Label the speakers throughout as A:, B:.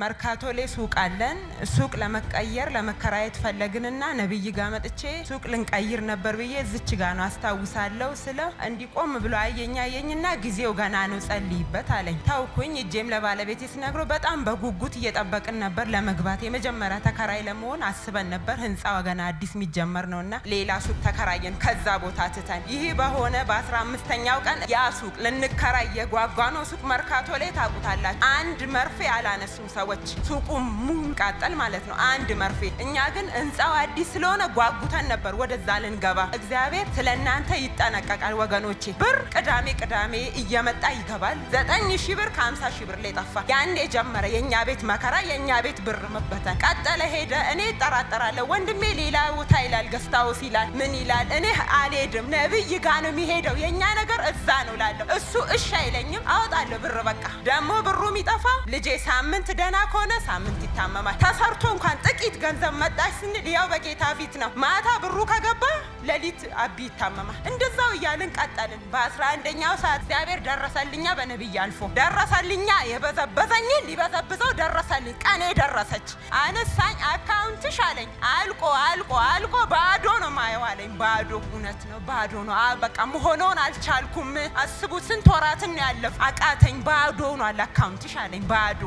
A: መርካቶ ላይ ሱቅ አለን። ሱቅ ለመቀየር ለመከራየት ፈለግንና ነብይ ጋ መጥቼ ሱቅ ልንቀይር ነበር ብዬ እዝች ጋ ነው አስታውሳለሁ። ስለ እንዲቆም ብሎ አየኝ አየኝና ጊዜው ገና ነው ጸልይበት አለኝ። ታውኩኝ። እጄም ለባለቤቴ ስነግሮ በጣም በጉጉት እየጠበቅን ነበር ለመግባት። የመጀመሪያ ተከራይ ለመሆን አስበን ነበር። ህንፃ ገና አዲስ የሚጀመር ነውና ሌላ ሱቅ ተከራየን ከዛ ቦታ ትተን። ይህ በሆነ በአስራ አምስተኛው ቀን ያ ሱቅ ልንከራይ የጓጓ ነው ሱቅ መርካቶ ላይ ታውቁታላችሁ። አንድ መርፌ አላነሱም ሰው ሰዎች ሱቁ ሙንቃጠል ማለት ነው አንድ መርፌ። እኛ ግን ህንፃው አዲስ ስለሆነ ጓጉተን ነበር ወደዛ ልንገባ። እግዚአብሔር ስለ እናንተ ይጠነቀቃል ወገኖቼ። ብር ቅዳሜ ቅዳሜ እየመጣ ይገባል። ዘጠኝ ሺህ ብር ከሀምሳ ሺ ብር ላይ ጠፋ። ያኔ ጀመረ የእኛ ቤት መከራ፣ የእኛ ቤት ብር መበተን ቀጠለ፣ ሄደ። እኔ እጠራጠራለሁ። ወንድሜ ሌላ ቦታ ይላል፣ ገስታውስ ይላል፣ ምን ይላል። እኔ አልሄድም፣ ነብይ ጋ ነው የሚሄደው። የእኛ ነገር እዛ ነው ላለሁ። እሱ እሺ አይለኝም። አወጣለሁ ብር በቃ ደግሞ ብሩ ይጠፋ ልጄ ሳምንት ደ ደህና ከሆነ ሳምንት ይታመማል። ተሰርቶ እንኳን ጥቂት ገንዘብ መጣች ስንል ያው በጌታ ፊት ነው። ማታ ብሩ ከገባ ሌሊት አቢ ይታመማል። እንደዛው እያልን ቀጠልን። በአስራ አንደኛው ሰዓት እግዚአብሔር ደረሰልኛ በነቢይ አልፎ ደረሰልኛ የበዘበዘኝን ሊበዘብዘው ደረሰልኝ። ቀኔ ደረሰች። አነሳኝ አካውንትሽ አለኝ። አልቆ አልቆ አልቆ ባዶ ነው ማየው አለኝ። ባዶ እውነት ነው ባዶ ነው። በቃ መሆነውን አልቻልኩም። አስቡ ስንት ወራትን ያለፍ አቃተኝ። ባዶ አለ አካውንትሽ አለኝ ባዶ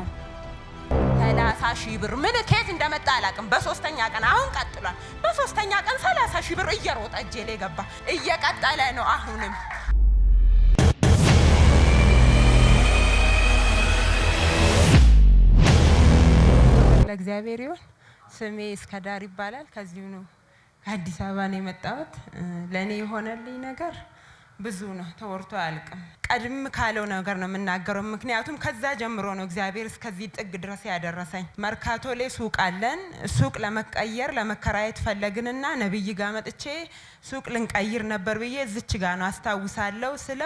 A: ሰላሳ ሺህ ብር ምን ከየት እንደመጣ አላቅም በሶስተኛ ቀን አሁን ቀጥሏል። በሶስተኛ ቀን ሰላሳ ሺህ ብር እየሮጠ እጄ ላይ ገባ። እየቀጠለ ነው አሁንም ለእግዚአብሔር ይሁን። ስሜ እስከ ዳር ይባላል። ከዚሁ ነው ከአዲስ አበባ ነው የመጣሁት። ለእኔ የሆነልኝ ነገር ብዙ ነው፣ ተወርቶ አያልቅም። ቀድም ካለው ነገር ነው የምናገረው፣ ምክንያቱም ከዛ ጀምሮ ነው እግዚአብሔር እስከዚህ ጥግ ድረስ ያደረሰኝ። መርካቶ ላይ ሱቅ አለን። ሱቅ ለመቀየር ለመከራየት ፈለግንና ነብይ ጋ መጥቼ ሱቅ ልንቀይር ነበር ብዬ እዝች ጋ ነው አስታውሳለሁ ስለ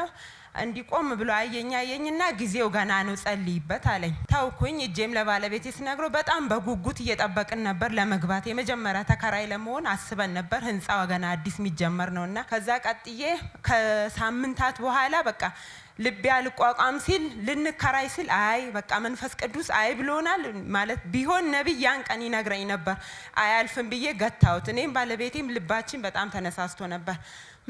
A: እንዲቆም ብሎ አየኝ አየኝና ጊዜው ገና ነው ጸልይበት አለኝ። ተውኩኝ። እጄም ለባለቤቴ ስነግረው በጣም በጉጉት እየጠበቅን ነበር ለመግባት። የመጀመሪያ ተከራይ ለመሆን አስበን ነበር። ህንፃው ገና አዲስ የሚጀመር ነውና ከዛ ቀጥዬ ከሳምንታት በኋላ በቃ ልቤ አልቋቋም ሲል ልንከራይ ስል አይ በቃ መንፈስ ቅዱስ አይ ብሎናል። ማለት ቢሆን ነቢይ ያን ቀን ይነግረኝ ነበር። አያልፍም ብዬ ገታሁት። እኔም ባለቤቴም ልባችን በጣም ተነሳስቶ ነበር።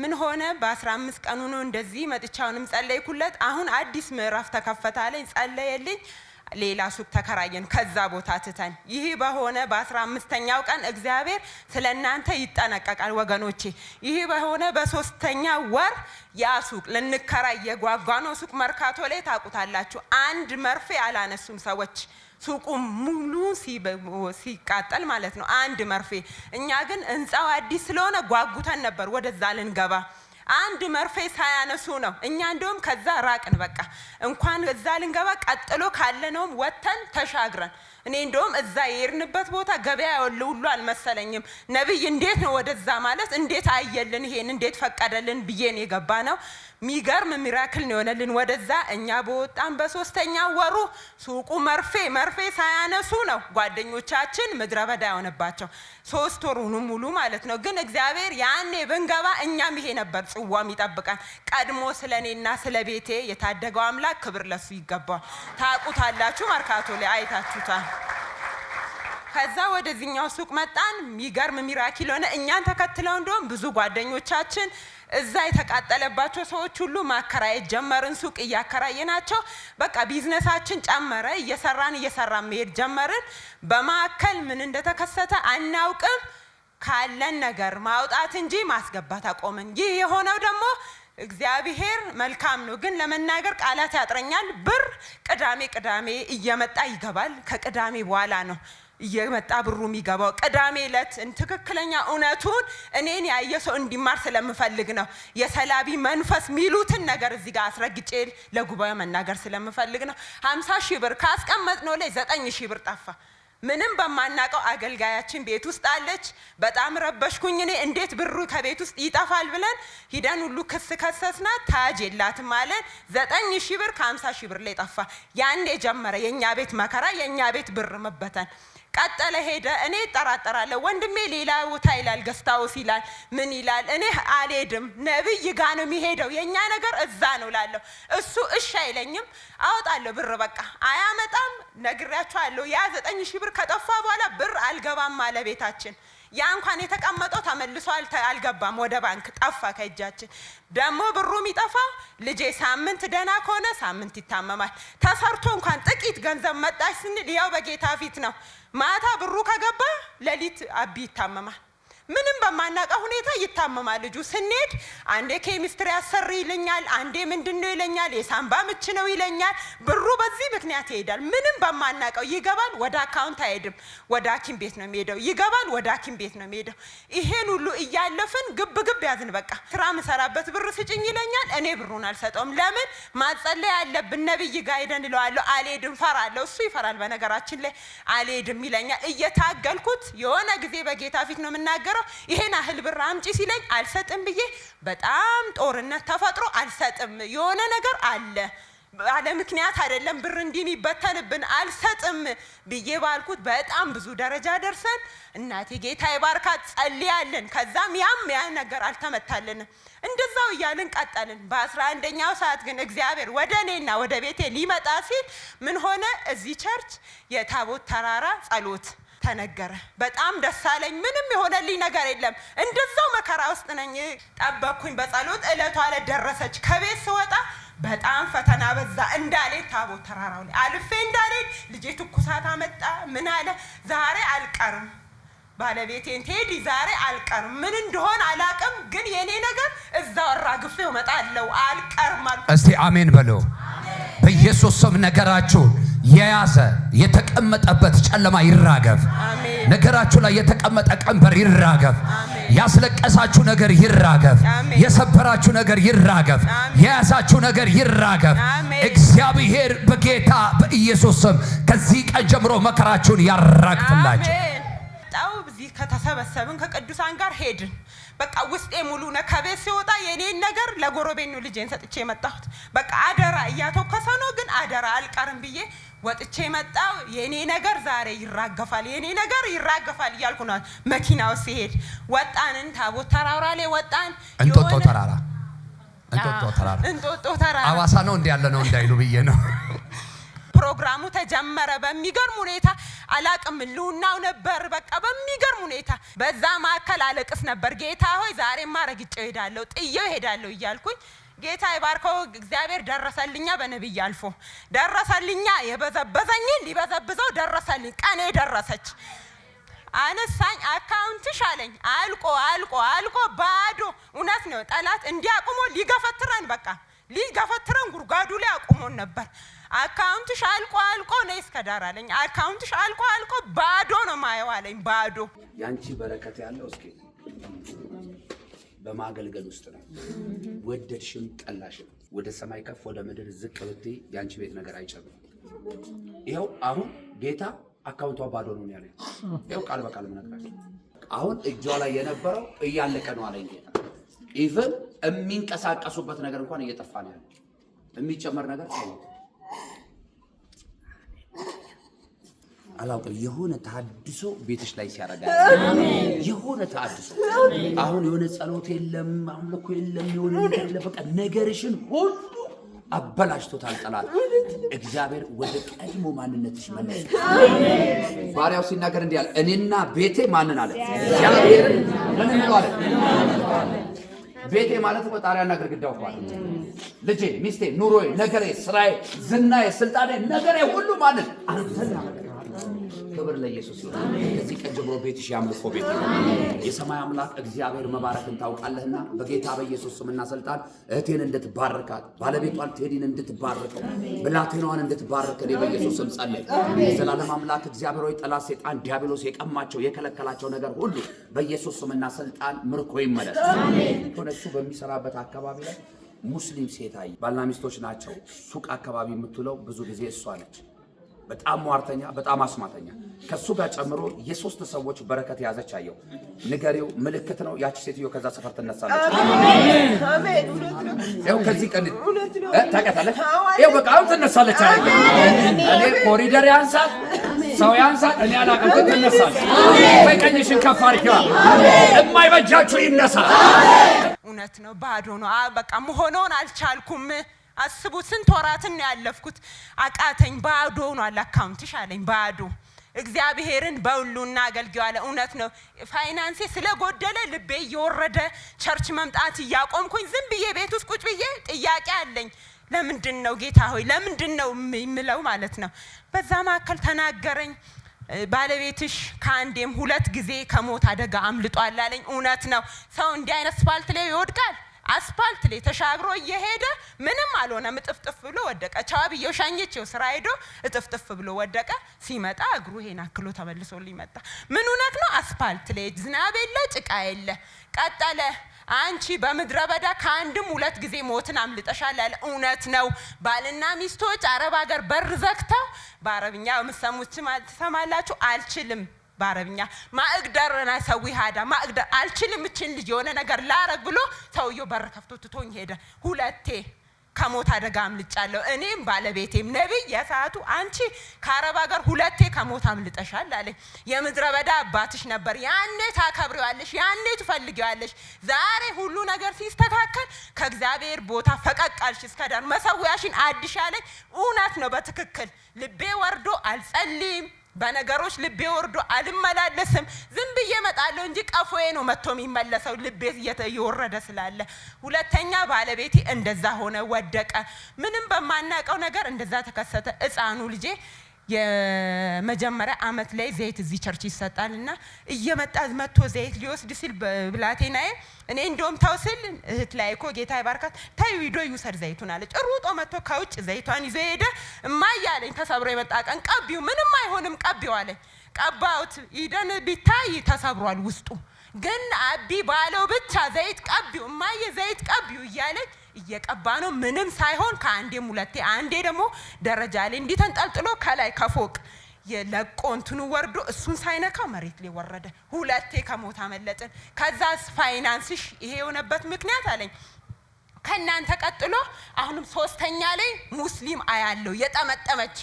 A: ምን ሆነ በ15 ቀን ሆኖ እንደዚህ መጥቻውንም ጸለይኩለት። አሁን አዲስ ምዕራፍ ተከፈታለኝ። ጸለየልኝ። ሌላ ሱቅ ተከራየን ከዛ ቦታ ትተን። ይህ በሆነ በአስራ አምስተኛው ቀን እግዚአብሔር ስለ እናንተ ይጠነቀቃል ወገኖቼ። ይህ በሆነ በሶስተኛ ወር ያ ሱቅ ልንከራ የጓጓ ሱቅ መርካቶ ላይ ታውቁታላችሁ። አንድ መርፌ አላነሱም ሰዎች ሱቁ ሙሉ ሲቃጠል ማለት ነው። አንድ መርፌ እኛ ግን ህንፃው አዲስ ስለሆነ ጓጉተን ነበር ወደዛ ልንገባ አንድ መርፌ ሳያነሱ ነው። እኛ እንደውም ከዛ ራቅን። በቃ እንኳን እዛ ልንገባ ቀጥሎ ካለነውም ወጥተን ተሻግረን እኔ እንደውም እዛ የሄድንበት ቦታ ገበያ ያለ ሁሉ አልመሰለኝም። ነቢይ እንዴት ነው ወደዛ ማለት እንዴት አየልን ይሄን እንዴት ፈቀደልን ነው የገባ ነው። ሚገርም ሚራክል ነው የሆነልን። ወደዛ እኛ በወጣን በሶስተኛ ወሩ ሱቁ መርፌ መርፌ ሳያነሱ ነው ጓደኞቻችን ምድረ በዳ የሆነባቸው ሶስት ወሩን ሙሉ ማለት ነው። ግን እግዚአብሔር ያኔ ብንገባ እኛም ይሄ ነበር ጽዋም ይጠብቃል። ቀድሞ ስለ እኔና ስለ ቤቴ የታደገው አምላክ ክብር ለሱ ይገባዋል። ታቁታላችሁ። መርካቶ ላይ አይታችሁታል። ከዛ ወደዚህኛው ሱቅ መጣን። የሚገርም ሚራኪል ሆነ። እኛን ተከትለው እንደውም ብዙ ጓደኞቻችን እዛ የተቃጠለባቸው ሰዎች ሁሉ ማከራየት ጀመርን። ሱቅ እያከራየ ናቸው። በቃ ቢዝነሳችን ጨመረ። እየሰራን እየሰራን መሄድ ጀመርን። በማዕከል ምን እንደተከሰተ አናውቅም። ካለን ነገር ማውጣት እንጂ ማስገባት አቆምን። ይህ የሆነው ደግሞ እግዚአብሔር መልካም ነው፣ ግን ለመናገር ቃላት ያጥረኛል። ብር ቅዳሜ ቅዳሜ እየመጣ ይገባል። ከቅዳሜ በኋላ ነው እየመጣ ብሩ የሚገባው ቅዳሜ ዕለት ትክክለኛ እውነቱን እኔን ያየ ሰው እንዲማር ስለምፈልግ ነው። የሰላቢ መንፈስ ሚሉትን ነገር እዚህ ጋር አስረግጬ ለጉባኤ መናገር ስለምፈልግ ነው። ሀምሳ ሺህ ብር ካስቀመጥነው ላይ ዘጠኝ ሺህ ብር ጠፋ። ምንም በማናቀው አገልጋያችን ቤት ውስጥ አለች። በጣም ረበሽኩኝ እኔ እንዴት ብሩ ከቤት ውስጥ ይጠፋል ብለን ሂደን ሁሉ ክስ ከሰስናት። ታጅ የላትም አለን። ዘጠኝ ሺ ብር ከሀምሳ ሺ ብር ላይ ጠፋ። ያኔ ጀመረ የእኛ ቤት መከራ፣ የእኛ ቤት ብር መበተን። ቀጠለ ሄደ። እኔ እጠራጠራለሁ። ወንድሜ ሌላ ቦታ ይላል፣ ገስታውስ ይላል፣ ምን ይላል። እኔ አልሄድም፣ ነብይ ጋ ነው የሚሄደው፣ የእኛ ነገር እዛ ነው ላለሁ። እሱ እሺ አይለኝም፣ አወጣለሁ ብር በቃ አያመጣም። ነግሬያቸዋለሁ። ያ ዘጠኝ ሺህ ብር ከጠፋ በኋላ ብር አልገባም አለ ቤታችን። ያ እንኳን የተቀመጠው ተመልሶ አልገባም ወደ ባንክ ጠፋ ከእጃችን። ደግሞ ብሩ የሚጠፋ ልጄ ሳምንት ደህና ከሆነ ሳምንት ይታመማል። ተሰርቶ እንኳን ጥቂት ገንዘብ መጣች ስንል ያው በጌታ ፊት ነው ማታ ብሩ ከገባ ሌሊት አቢ ይታመማል። ምንም በማናውቀው ሁኔታ ይታመማል ልጁ። ስንሄድ አንዴ ኬሚስትሪ ያሰር ይለኛል፣ አንዴ ምንድን ነው ይለኛል፣ የሳምባ ምች ነው ይለኛል። ብሩ በዚህ ምክንያት ይሄዳል። ምንም በማናውቀው ይገባል። ወደ አካውንት አይሄድም፣ ወደ ሐኪም ቤት ነው የሚሄደው። ይገባል፣ ወደ ሐኪም ቤት ነው የሚሄደው። ይሄን ሁሉ እያለፍን ግብ ግብ ያዝን። በቃ ስራ ምሰራበት ብር ስጭኝ ይለኛል። እኔ ብሩን አልሰጠውም። ለምን ማጸለይ ያለብን ነብይ ጋር ሄደን እለዋለሁ፣ አልሄድም፣ እፈራለሁ። እሱ ይፈራል። በነገራችን ላይ አልሄድም ይለኛል። እየታገልኩት የሆነ ጊዜ በጌታ ፊት ነው የምናገረው ነው። ይሄን አህል ብር አምጪ ሲለኝ አልሰጥም ብዬ በጣም ጦርነት ተፈጥሮ አልሰጥም። የሆነ ነገር አለ አለ ምክንያት አይደለም ብር እንዲህ የሚበተንብን አልሰጥም ብዬ ባልኩት በጣም ብዙ ደረጃ ደርሰን እናቴ ጌታ ይባርካት ጸልያለን። ከዛም ያም ያ ነገር አልተመታልንም። እንደዛው እያልን ቀጠልን። በአስራ አንደኛው ሰዓት ግን እግዚአብሔር ወደ እኔና ወደ ቤቴ ሊመጣ ሲል ምን ሆነ? እዚህ ቸርች የታቦት ተራራ ጸሎት ተነገረ። በጣም ደስ አለኝ። ምንም የሆነልኝ ነገር የለም። እንደዛው መከራ ውስጥ ነኝ። ጠበኩኝ በጸሎት እለቷ ዕለት ደረሰች። ከቤት ስወጣ በጣም ፈተና በዛ። እንዳሌ ታቦት ተራራው ላይ አልፌ እንዳሌ ልጄ ትኩሳት አመጣ። ምን አለ ዛሬ አልቀርም ባለቤቴን ቴዲ ዛሬ አልቀርም፣ ምን እንደሆን አላቅም፣ ግን የእኔ ነገር እዛው አራግፌው እመጣለሁ። አልቀርም አልኩ።
B: እስቲ አሜን በሉ በኢየሱስ ስም ነገራችሁ የያዘ የተቀመጠበት ጨለማ ይራገፍ። ነገራችሁ ላይ የተቀመጠ ቀንበር ይራገፍ። ያስለቀሳችሁ ነገር ይራገፍ። የሰበራችሁ ነገር ይራገፍ። የያዛችሁ ነገር ይራገፍ። እግዚአብሔር በጌታ በኢየሱስ ስም ከዚህ ቀን ጀምሮ መከራችሁን ያራግፍላችሁ።
A: እዚህ ከተሰበሰብን ከቅዱሳን ጋር ሄድን። በቃ ውስጤ ሙሉ ነው። ከቤት ሲወጣ የኔን ነገር ለጎረቤት ልጄን ሰጥቼ የመጣሁት። በቃ አደራ እያተው ከሰኖ ግን አደራ አልቀርም ብዬ ወጥቼ መጣው የኔ ነገር ዛሬ ይራገፋል፣ የኔ ነገር ይራገፋል እያልኩ ነው። መኪናው ሲሄድ ወጣንን ታቦት ተራራ ላይ ወጣን።
B: እንጦጦ ተራራ እንጦጦ ተራራ እንጦጦ ተራራ አዋሳ ነው እንዲያለ ነው እንዳይሉ ብዬ ነው።
A: ፕሮግራሙ ተጀመረ በሚገርም ሁኔታ አላቅም ልውናው ነበር። በቃ በሚገርም ሁኔታ በዛ ማዕከል አለቅስ ነበር። ጌታ ሆይ ዛሬማ ረግጬው ሄዳለሁ፣ ጥዬው ሄዳለሁ እያልኩኝ ጌታ የባርከው እግዚአብሔር ደረሰልኛ፣ በነቢይ አልፎ ደረሰልኛ። የበዘበዘኝን ሊበዘብዘው ደረሰልኝ። ቀኔ ደረሰች። አነሳኝ አካውንትሽ አለኝ። አልቆ አልቆ አልቆ ባዶ። እውነት ነው። ጠላት እንዲህ ሊገፈትረን በቃ ሊገፈትረን ጉርጓዱ ላይ አቁሞን ነበር። አካውንትሽ አልቆ አልቆ ነይ እስከ አለኝ። አካውንትሽ አልቆ አልቆ ባዶ ነው ማየው አለኝ። ባዶ
B: ያንቺ በረከት ያለው እስኪ በማገልገል ውስጥ ነው። ወደድሽም ጠላሽም ወደ ሰማይ ከፍ ወደ ምድር ዝቅ ብትይ የአንቺ ቤት ነገር አይጨምርም። ይኸው አሁን ጌታ አካውንቷ ባዶ ነው ያለ። ይኸው ቃል በቃል ምነግራቸው አሁን እጇ ላይ የነበረው እያለቀ ነው አለኝ ጌታ። ኢቨን የሚንቀሳቀሱበት ነገር እንኳን እየጠፋ ነው ያለ። የሚጨመር ነገር አላውቅም የሆነ ታድሶ ቤትሽ ላይ ሲያረጋ የሆነ ታድሶ። አሁን የሆነ ጸሎት የለም አምልኮ የለም የሆነ ነገር በቃ ነገርሽን ሁሉ አበላሽቶታል ጠላት። እግዚአብሔር ወደ ቀድሞ ማንነትሽ መለስ። ባሪያው ሲናገር እንዲህ አለ፣ እኔና ቤቴ ማንን አለ? እግዚአብሔርን ምን አለ። ቤቴ ማለት ጣሪያና ግድግዳው እኮ አለ። ልጄ፣ ሚስቴ፣ ኑሮዬ፣ ነገሬ፣ ስራዬ፣ ዝናዬ፣ ስልጣኔ፣ ነገሬ ሁሉ ማንን አንተን ክብር ለኢየሱስ ይሁን። ከዚህ ቀን ጀምሮ ቤትሽ የአምልኮ ቤት ይሁን። የሰማይ አምላክ እግዚአብሔር መባረክን ታውቃለህና በጌታ በኢየሱስ ስምና ስልጣን እህቴን እንድትባርካት፣ ባለቤቷን ቴዲን እንድትባርከው፣ ብላቴናዋን እንድትባርክ እኔ በኢየሱስ ስም ጸልይ። የዘላለም አምላክ እግዚአብሔር ሆይ ጠላት ሴጣን ዲያብሎስ የቀማቸው የከለከላቸው ነገር ሁሉ በኢየሱስ ስምና ስልጣን ምርኮ ይመለስ። እሱ በሚሰራበት አካባቢ ላይ ሙስሊም ሴት አይ ባልና ሚስቶች ናቸው። ሱቅ አካባቢ የምትውለው ብዙ ጊዜ እሷ ነች። በጣም ሟርተኛ፣ በጣም አስማተኛ ከሱ ጋር ጨምሮ የሶስት ሰዎች በረከት የያዘች አየው። ንገሪው ምልክት ነው። ያቺ ሴትዮ ከዛ ሰፈር ትነሳለች። ያው ከዚህ ቀን ታውቃታለች። ያው በቃ አሁን ትነሳለች። አይ እኔ ኮሪደር ያንሳት ሰው ያንሳት እኔ አላቅም። ትነሳለች። ወይ ቀኝሽን ከፍ አድርጊዋ። የማይበጃችሁ ይነሳ።
A: እውነት ነው። ባዶ ነው። በቃ መሆኑን አልቻልኩም። አስቡ። ስንት ወራትን ነው ያለፍኩት። አቃተኝ። ባዶ ሆኗል አካውንትሽ አለኝ። ባዶ እግዚአብሔርን በሁሉና አገልግዋለ። እውነት ነው። ፋይናንሴ ስለጎደለ ልቤ እየወረደ ቸርች መምጣት እያቆምኩኝ ዝም ብዬ ቤት ውስጥ ቁጭ ብዬ ጥያቄ አለኝ። ለምንድን ነው ጌታ ሆይ ለምንድን ነው የምለው ማለት ነው። በዛ መካከል ተናገረኝ። ባለቤትሽ ከአንዴም ሁለት ጊዜ ከሞት አደጋ አምልጧል አለኝ። እውነት ነው። ሰው እንዲህ አይነት ስፓልት ላይ ይወድቃል። አስፓልት ላይ ተሻግሮ እየሄደ ምንም አልሆነም፣ እጥፍጥፍ ብሎ ወደቀ። ቻው ብዬው ስራ ሄዶ እጥፍጥፍ ብሎ ወደቀ። ሲመጣ እግሩ ሄና ክሎ ተመልሶልኝ መጣ። ምን ሆነክ ነው? አስፓልት ላይ ዝናብ የለ ጭቃ የለ። ቀጠለ አንቺ በምድረ በዳ ከአንድም ሁለት ጊዜ ሞትን አምልጠሻል ያለ እውነት ነው። ባልና ሚስቶች አረብ ሀገር በር ዘግተው በአረብኛ የምትሰሙት ትሰማላችሁ። አልችልም በአረብኛ ማእግደር ና ሰዊ ሀዳ ማእግደር አልችልም፣ እችን ልጅ የሆነ ነገር ላረግ ብሎ ሰውየው በር ከፍቶ ትቶኝ ሄደ። ሁለቴ ከሞት አደጋ አምልጫለሁ፣ እኔም ባለቤቴም። ነቢይ የሰዓቱ አንቺ ከአረብ ሀገር ሁለቴ ከሞት አምልጠሻል አለኝ። የምድረ በዳ አባትሽ ነበር፣ ያኔ ታከብሪዋለሽ፣ ያኔ ትፈልጊዋለሽ። ዛሬ ሁሉ ነገር ሲስተካከል ከእግዚአብሔር ቦታ ፈቀቃልሽ አልሽ፣ እስከዳር መሰዊያሽን አድሻለኝ። እውነት ነው፣ በትክክል ልቤ ወርዶ አልጸልይም በነገሮች ልቤ ወርዶ አልመላለስም። ዝም ብዬ እመጣለሁ እንጂ ቀፎዬ ነው መጥቶ የሚመለሰው ልቤ እየወረደ ስላለ። ሁለተኛ ባለቤቴ እንደዛ ሆነ፣ ወደቀ። ምንም በማናውቀው ነገር እንደዛ ተከሰተ። ህፃኑ ልጄ የመጀመሪያ አመት ላይ ዘይት እዚህ ቸርች ይሰጣል እና እየመጣ መጥቶ ዘይት ሊወስድ ሲል ብላቴናዬ እኔ እንደውም ተው ስል እህት ላይ እኮ ጌታ ይባርካት ተይ ሂዶ ይውሰድ ዘይቱን አለች። ሩጦ መጥቶ ከውጭ ዘይቷን ይዞ ሄደ። እማያለኝ ተሰብሮ የመጣ ቀን ቀቢው ምንም አይሆንም ቀቢው አለኝ። ቀባውት ኢደን ቢታይ ተሰብሯል ውስጡ ግን አቢ ባለው ብቻ ዘይት ቀቢው እማየ ዘይት ቀቢው እያለች እየቀባ ነው። ምንም ሳይሆን ከአንዴም ሁለቴ፣ አንዴ ደግሞ ደረጃ ላይ እንዲህ ተንጠልጥሎ ከላይ ከፎቅ የለቆ እንትኑ ወርዶ እሱን ሳይነካ መሬት ላይ ወረደ። ሁለቴ ከሞት አመለጥን። ከዛ ፋይናንስሽ ይሄ የሆነበት ምክንያት አለኝ ከእናንተ ቀጥሎ አሁንም ሶስተኛ ላይ ሙስሊም አያለው የጠመጠመች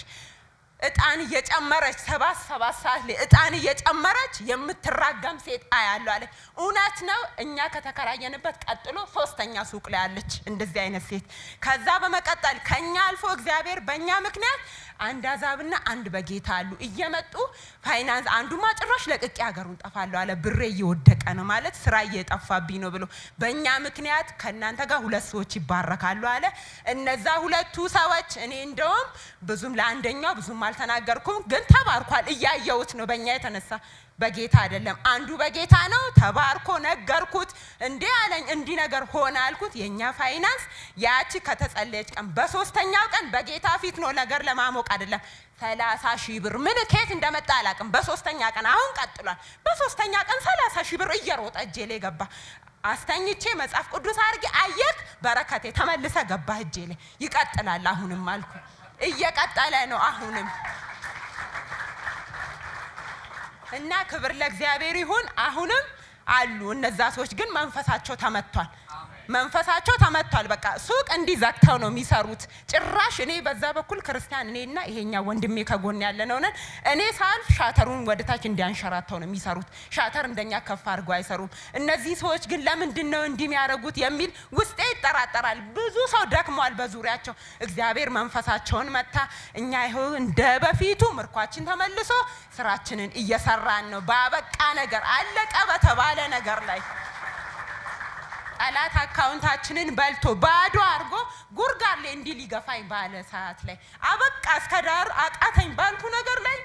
A: እጣን እየጨመረች ሰባት ሰባት ሰዓት ላይ እጣን እየጨመረች የምትራገም ሴት አያለሁ አለች። እውነት ነው። እኛ ከተከራየንበት ቀጥሎ ሶስተኛ ሱቅ ላይ አለች እንደዚህ አይነት ሴት። ከዛ በመቀጠል ከኛ አልፎ እግዚአብሔር በእኛ ምክንያት አንድ አዛብና አንድ በጌታ አሉ እየመጡ ፋይናንስ አንዱማ ጭራሽ ለቅቄ ሀገሩን ጠፋለሁ አለ። ብሬ እየወደቀ ነው ማለት ስራ እየጠፋብኝ ነው ብሎ በእኛ ምክንያት ከእናንተ ጋር ሁለት ሰዎች ይባረካሉ አለ። እነዛ ሁለቱ ሰዎች እኔ እንደውም ብዙም ለአንደኛው ብዙም አልተናገርኩም፣ ግን ተባርኳል። እያየሁት ነው በእኛ የተነሳ በጌታ አይደለም። አንዱ በጌታ ነው። ተባርኮ ነገርኩት። እንዴ አለኝ፣ እንዲህ ነገር ሆነ አልኩት። የእኛ ፋይናንስ ያቺ ከተጸለየች ቀን በሶስተኛው ቀን በጌታ ፊት ነው። ነገር ለማሞቅ አይደለም። ሰላሳ ሺህ ብር ምን እንደመጣ አላቅም። በሶስተኛ ቀን አሁን ቀጥሏል። በሶስተኛ ቀን ሰላሳ ሺህ ብር እየሮጠ እጄ ላይ ገባ። አስተኝቼ መጽሐፍ ቅዱስ አድርጌ አየት በረከቴ ተመልሰ ገባ እጄ ላይ። ይቀጥላል። አሁንም አልኩ እየቀጠለ ነው አሁንም እና ክብር ለእግዚአብሔር ይሁን። አሁንም አሉ እነዛ ሰዎች ግን መንፈሳቸው ተመቷል። መንፈሳቸው ተመቷል። በቃ ሱቅ እንዲህ ዘግተው ነው የሚሰሩት። ጭራሽ እኔ በዛ በኩል ክርስቲያን እኔና ይሄኛ ወንድሜ ከጎን ያለ ነው ነን። እኔ ሳልፍ ሻተሩን ወደታች እንዲያንሸራተው ነው የሚሰሩት። ሻተር እንደኛ ከፍ አድርገው አይሰሩም። እነዚህ ሰዎች ግን ለምንድን ነው እንዲህ የሚያደርጉት የሚል ውስጤ ይጠራጠራል። ብዙ ሰው ደክሟል በዙሪያቸው። እግዚአብሔር መንፈሳቸውን መታ። እኛ ይኸው እንደ በፊቱ ምርኳችን ተመልሶ ስራችንን እየሰራን ነው። ባበቃ ነገር አለቀ በተባለ ነገር ላይ ጠላት አካውንታችንን በልቶ ባዶ አድርጎ ጉርጋር ላይ እንዲህ ሊገፋኝ ባለ ሰዓት ላይ አበቃ እስከ ዳር አቃተኝ ባልኩ ነገር ላይ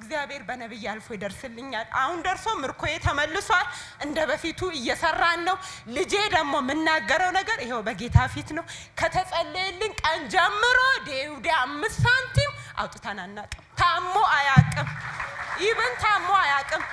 A: እግዚአብሔር በነቢይ አልፎ ይደርስልኛል። አሁን ደርሶ ምርኮዬ ተመልሷል። እንደ በፊቱ እየሰራን ነው። ልጄ ደግሞ የምናገረው ነገር ይኸው በጌታ ፊት ነው። ከተጸለየልን ቀን ጀምሮ ዴውዴ አምስት ሳንቲም አውጥተን አናቅም። ታሞ አያቅም። ይብን ታሞ አያቅም።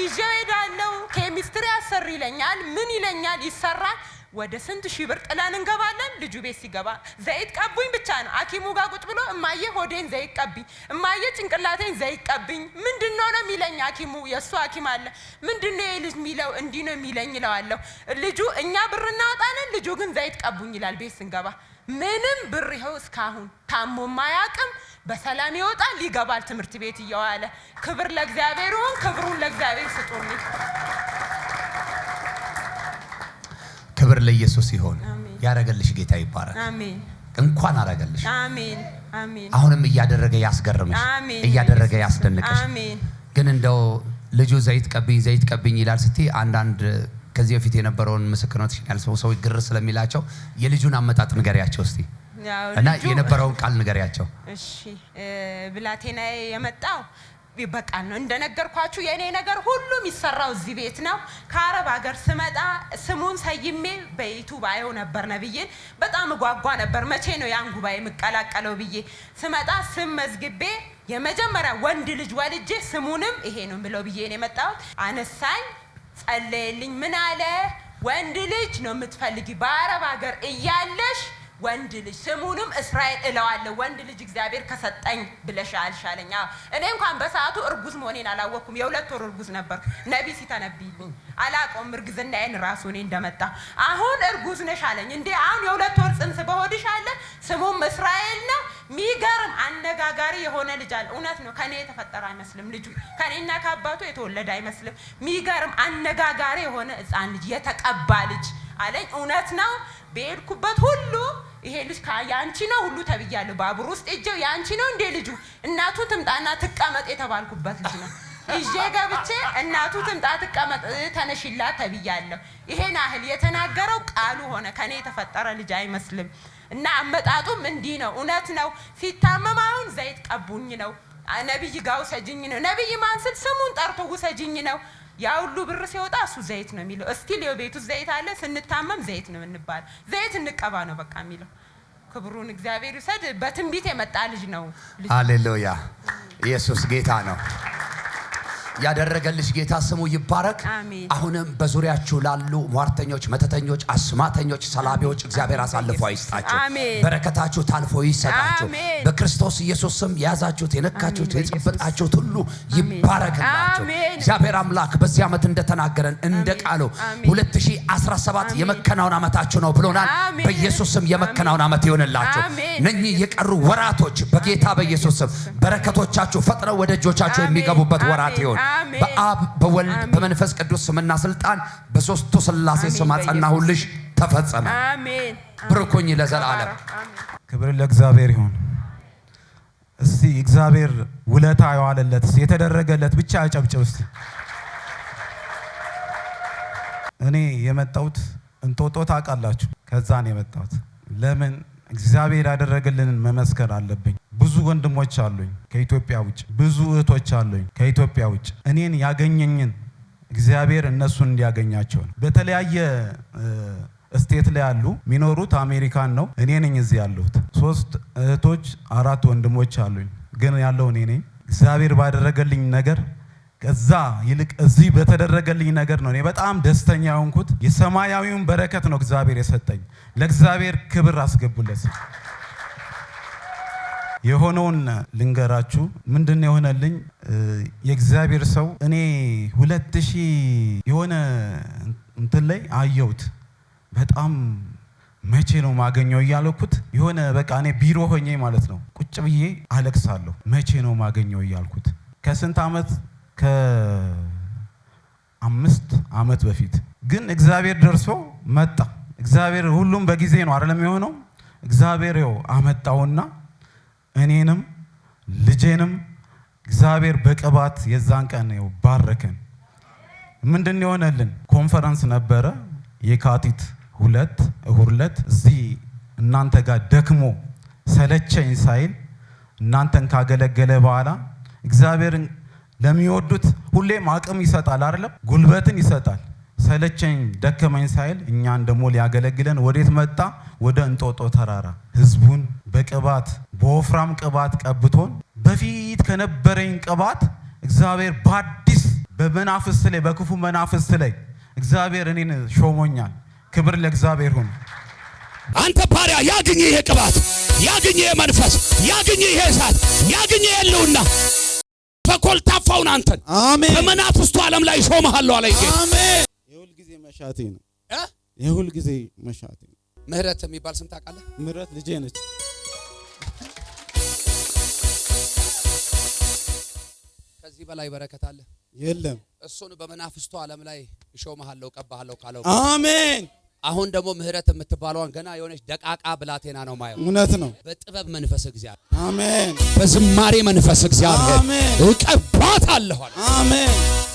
A: ይዤው ሄዳለሁ። ኬሚስትሪ አሰር ይለኛል። ምን ይለኛል? ይሰራል። ወደ ስንት ሺህ ብር ጥለን እንገባለን። ልጁ ቤት ሲገባ ዘይት ቀቡኝ ብቻ ነው። ሐኪሙ ጋር ቁጭ ብሎ እማዬ ሆዴን ዘይት ቀብኝ እማዬ ጭንቅላቴን ዘይት ቀብኝ ምንድን ነው ነው የሚለኝ ሐኪሙ የእሱ ሐኪም አለ። ምንድን ነው ይህ ልጅ የሚለው? እንዲህ ነው የሚለኝ ይለዋለሁ። ልጁ እኛ ብር እናወጣለን፣ ልጁ ግን ዘይት ቀቡኝ ይላል ቤት ስንገባ ምንም ብር ይኸው እስካሁን ታሞ ማያቅም በሰላም ይወጣል ይገባል ትምህርት ቤት እየዋለ ክብር ለእግዚአብሔር ይሁን። ክብሩን ለእግዚአብሔር ስጡልኝ።
B: ክብር ለኢየሱስ ይሁን። ያረገልሽ ጌታ ይባረክ። አሜን። እንኳን አረገልሽ። አሜን። አሁንም እያደረገ ያስገርምሽ፣ እያደረገ ያስደንቅሽ። ግን እንደው ልጁ ዘይት ቀብኝ ዘይት ቀብኝ ይላል ስትይ አንዳንድ ከዚህ በፊት የነበረውን ምስክርነትሽን ያልሰሙ ሰዎች ግር ስለሚላቸው የልጁን አመጣጥ ንገሪያቸው እስቲ እና የነበረውን ቃል ንገሪያቸው። እሺ
A: ብላቴና የመጣው በቃ ነው እንደነገርኳችሁ፣ የእኔ ነገር ሁሉ የሚሰራው እዚህ ቤት ነው። ከአረብ ሀገር ስመጣ ስሙን ሰይሜ በዩቱብ አየው ነበር ነብዬን። በጣም እጓጓ ነበር፣ መቼ ነው ያን ጉባኤ የምቀላቀለው ብዬ ስመጣ ስም መዝግቤ የመጀመሪያ ወንድ ልጅ ወልጄ ስሙንም ይሄ ነው ብለው ብዬ ነው የመጣሁት። አነሳኝ ጸለየልኝ። ምን አለ? ወንድ ልጅ ነው የምትፈልጊ በአረብ ሀገር እያለሽ ወንድ ልጅ ስሙንም እስራኤል እለዋለሁ ወንድ ልጅ እግዚአብሔር ከሰጠኝ ብለሽ አልሻለኝ። እኔ እንኳን በሰዓቱ እርጉዝ መሆኔን አላወቅኩም። የሁለት ወር እርጉዝ ነበር። ነቢ ሲተነብይልኝ አላውቀውም። እርግዝናዬን ራሱ እኔ እንደመጣ አሁን እርጉዝ ነሽ አለኝ። እንዴ አሁን የሁለት ወር ጽንስ በሆድሽ አለ ስሙም እስራኤል ነው ሚገርም አነጋጋሪ የሆነ ልጅ አለ። እውነት ነው። ከኔ የተፈጠረ አይመስልም ልጁ ከኔና ከአባቱ የተወለደ አይመስልም። ሚገርም አነጋጋሪ የሆነ ህፃን ልጅ የተቀባ ልጅ አለኝ። እውነት ነው። በሄድኩበት ሁሉ ይሄ ልጅ ያንቺ ነው ሁሉ ተብያለሁ። ባቡር ውስጥ እጀው ያንቺ ነው እንዴ ልጁ እናቱ ትምጣና ትቀመጥ የተባልኩበት ልጅ ነው። ይዤ ገብቼ እናቱ ትምጣ ትቀመጥ ተነሽላት ተብያለሁ። ይሄን ያህል የተናገረው ቃሉ ሆነ። ከኔ የተፈጠረ ልጅ አይመስልም። እና አመጣጡም እንዲህ ነው። እውነት ነው። ሲታመም አሁን ዘይት ቀቡኝ ነው ነቢይ ጋር ውሰጅኝ ነው። ነቢይ ማን ስል ስሙን ጠርቶ ውሰጅኝ ነው። ያ ሁሉ ብር ሲወጣ እሱ ዘይት ነው የሚለው። እስቲ ሊዮ ቤቱ ዘይት አለ። ስንታመም ዘይት ነው እንባል፣ ዘይት እንቀባ ነው በቃ የሚለው። ክብሩን እግዚአብሔር ይውሰድ። በትንቢት የመጣ ልጅ ነው።
B: አሌሉያ! ኢየሱስ ጌታ ነው። ያደረገልሽ ጌታ ስሙ ይባረክ። አሁንም በዙሪያችሁ ላሉ ሟርተኞች፣ መተተኞች፣ አስማተኞች፣ ሰላቢዎች እግዚአብሔር አሳልፎ አይስጣችሁ። በረከታችሁ ታልፎ ይሰጣችሁ። በክርስቶስ ኢየሱስ ስም የያዛችሁት፣ የነካችሁት፣ የጨበጣችሁት ሁሉ ይባረክላችሁ። እግዚአብሔር አምላክ በዚህ ዓመት እንደተናገረን እንደ ቃሉ 2017 የመከናወን ዓመታችሁ ነው ብሎናል። በኢየሱስ ስም የመከናወን ዓመት ይሆንላችሁ። እነኚህ የቀሩ ወራቶች በጌታ በኢየሱስ ስም በረከቶቻችሁ ፈጥነው ወደ እጆቻችሁ የሚገቡበት ወራት ይሆን። በአብ በወልድ በመንፈስ ቅዱስ ስምና ስልጣን በሶስቱ ስላሴ ስም አጸናሁልሽ፣ ተፈጸመ። ብርኩኝ ለዘላለም። ክብር ለእግዚአብሔር ይሁን። እስቲ እግዚአብሔር ውለታ የዋለለት የተደረገለት ብቻ አጨብጭብ እስቲ። እኔ የመጣሁት እንጦጦ ታውቃላችሁ፣ ከዛ ነው የመጣሁት። ለምን እግዚአብሔር ያደረግልንን መመስከር አለብኝ። ወንድሞች አሉኝ ከኢትዮጵያ ውጭ፣ ብዙ እህቶች አሉኝ ከኢትዮጵያ ውጭ። እኔን ያገኘኝን እግዚአብሔር እነሱን እንዲያገኛቸው ነው። በተለያየ ስቴት ላይ ያሉ የሚኖሩት አሜሪካን ነው። እኔ ነኝ እዚህ ያለሁት። ሶስት እህቶች አራት ወንድሞች አሉኝ፣ ግን ያለው እኔ ነኝ። እግዚአብሔር ባደረገልኝ ነገር ከዛ ይልቅ እዚህ በተደረገልኝ ነገር ነው እኔ በጣም ደስተኛ የሆንኩት። የሰማያዊውን በረከት ነው እግዚአብሔር የሰጠኝ። ለእግዚአብሔር ክብር አስገቡለት። የሆነውን ልንገራችሁ። ምንድን ነው የሆነልኝ? የእግዚአብሔር ሰው እኔ ሁለት ሺህ የሆነ እንትን ላይ አየሁት። በጣም መቼ ነው ማገኘው እያልኩት የሆነ በቃ እኔ ቢሮ ሆኜ ማለት ነው ቁጭ ብዬ አለቅሳለሁ። መቼ ነው ማገኘው እያልኩት ከስንት ዓመት ከአምስት ዓመት በፊት ግን እግዚአብሔር ደርሶ መጣ። እግዚአብሔር ሁሉም በጊዜ ነው አይደለም የሆነው። እግዚአብሔር ይኸው አመጣውና እኔንም ልጄንም እግዚአብሔር በቅባት የዛን ቀን ባረከን። ምንድን የሆነልን ኮንፈረንስ ነበረ የካቲት ሁለት እሁድ ዕለት እዚህ እናንተ ጋር ደክሞ ሰለቸኝ ሳይል እናንተን ካገለገለ በኋላ እግዚአብሔርን ለሚወዱት ሁሌም አቅም ይሰጣል አይደለም? ጉልበትን ይሰጣል። ሰለቸኝ ደከመኝ ሳይል እኛን ደግሞ ሊያገለግለን ወዴት መጣ? ወደ እንጦጦ ተራራ ህዝቡን በቅባት በወፍራም ቅባት ቀብቶን በፊት ከነበረኝ ቅባት እግዚአብሔር በአዲስ በመናፍስት ላይ በክፉ መናፍስት ላይ እግዚአብሔር እኔን ሾሞኛል። ክብር ለእግዚአብሔር ሁን። አንተ ባሪያ ያግኝ ይሄ ቅባት ያግኝ ይሄ መንፈስ ያግኝ ይሄ እሳት ያግኝ የለውና በኮልታፋውን አንተን አሜን በመናፍስቱ ዓለም ላይ ሾመሃለሁ አለ። አሜን መሻቴ ነው። የሁል ጊዜ መሻቴ ነው። ምህረት የሚባል ስም ታውቃለህ? ምህረት ልጄ ነች። ከዚህ በላይ በረከት አለ የለም። እሱን በመናፍስቱ ዓለም ላይ እሾምሃለሁ፣ ቀባሃለሁ ካለው አሜን። አሁን ደግሞ ምህረት የምትባለዋን ገና የሆነች ደቃቃ ብላቴና ነው ማየው። እውነት ነው። በጥበብ መንፈስ እግዚአብሔር አሜን። በዝማሬ መንፈስ እግዚአብሔር አሜን። እቀባት አለሁ አሜን።